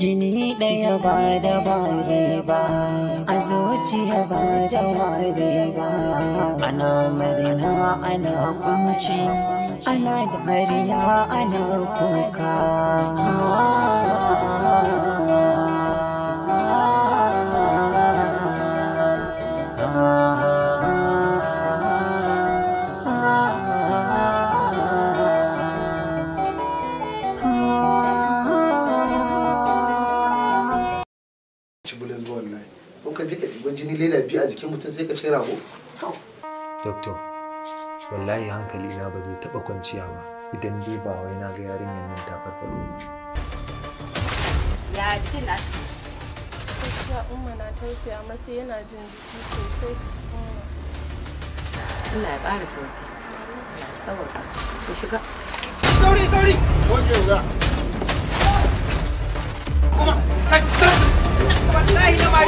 jini ɗaya ba da bare ba a zuciya ba da ba ana marina ana kunci ana dariya ana kuka kullum ba wallahi ko ka je ka ɗiba jini leda biyu a jikin mutum sai ka ce rago doctor wallahi hankali na ba zai taba kwanciya ba idan dai ba wai na ga yarinyar nan ta farfaɗo ba ya jikin na gaskiya umma na tausaya masa yana jin jiki sosai Allah ya ƙara sauki sauƙa ku shiga sauri sauri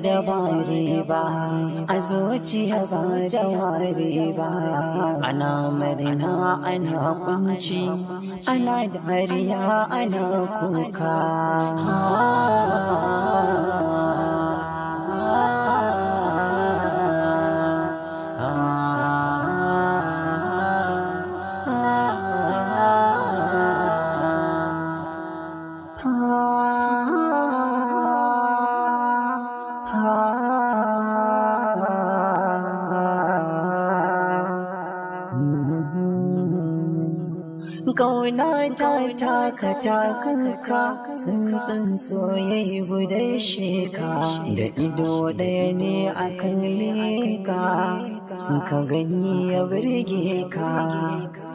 dabari ba a zuciya ba jawari ba ana marina ana kunci ana dariya ana kuka Gauna ta taka takanka tsuntsun soyayya guda sheka da ido ɗaya ne a kan leka ka gani ya birge ka.